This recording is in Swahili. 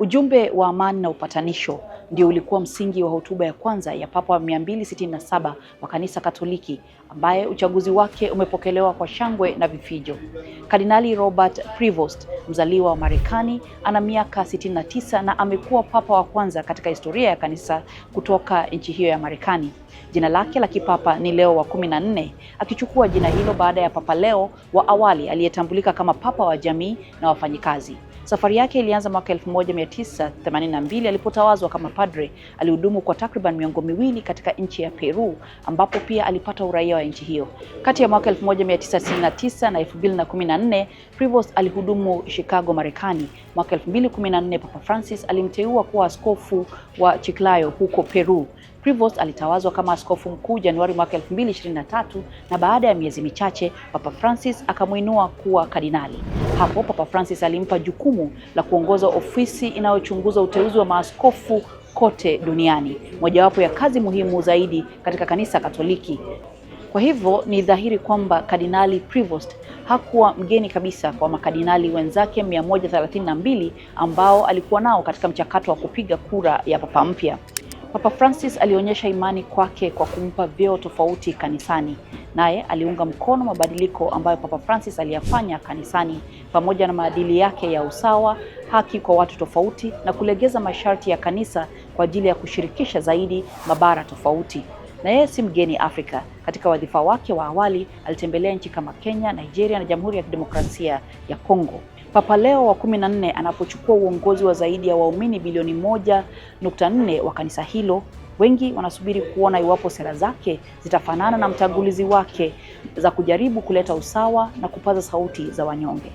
Ujumbe wa amani na upatanisho ndio ulikuwa msingi wa hotuba ya kwanza ya Papa wa 267 wa Kanisa Katoliki ambaye uchaguzi wake umepokelewa kwa shangwe na vifijo. Kardinali Robert Prevost, mzaliwa wa Marekani, ana miaka 69 na amekuwa papa wa kwanza katika historia ya kanisa kutoka nchi hiyo ya Marekani. Jina lake la kipapa ni Leo wa 14, akichukua jina hilo baada ya Papa Leo wa awali aliyetambulika kama papa wa jamii na wafanyikazi. Safari yake ilianza mwaka 1982 alipotawazwa kama padre. Alihudumu kwa takriban miongo miwili katika nchi ya Peru ambapo pia alipata uraia wa nchi hiyo. Kati ya mwaka 1999 na 2014, Prevost alihudumu Chicago, Marekani. Mwaka 2014 Papa Francis alimteua kuwa askofu wa Chiclayo huko Peru. Prevost alitawazwa kama askofu mkuu Januari mwaka 2023 na baada ya miezi michache Papa Francis akamwinua kuwa kardinali. Hapo Papa Francis alimpa jukumu la kuongoza ofisi inayochunguza uteuzi wa maaskofu kote duniani, mojawapo ya kazi muhimu zaidi katika kanisa Katoliki. Kwa hivyo ni dhahiri kwamba Kardinali Prevost hakuwa mgeni kabisa kwa makardinali wenzake 132 ambao alikuwa nao katika mchakato wa kupiga kura ya papa mpya. Papa Francis alionyesha imani kwake kwa kumpa vyeo tofauti kanisani. Naye aliunga mkono mabadiliko ambayo Papa Francis aliyafanya kanisani pamoja na maadili yake ya usawa, haki kwa watu tofauti na kulegeza masharti ya kanisa kwa ajili ya kushirikisha zaidi mabara tofauti. Na yeye si mgeni Afrika. Katika wadhifa wake wa awali alitembelea nchi kama Kenya, Nigeria na Jamhuri ya Kidemokrasia ya Kongo. Papa Leo wa kumi na anapochukua uongozi wa zaidi ya waumini bilioni moja nukta nne wa kanisa hilo, wengi wanasubiri kuona iwapo sera zake zitafanana na mtangulizi wake za kujaribu kuleta usawa na kupaza sauti za wanyonge.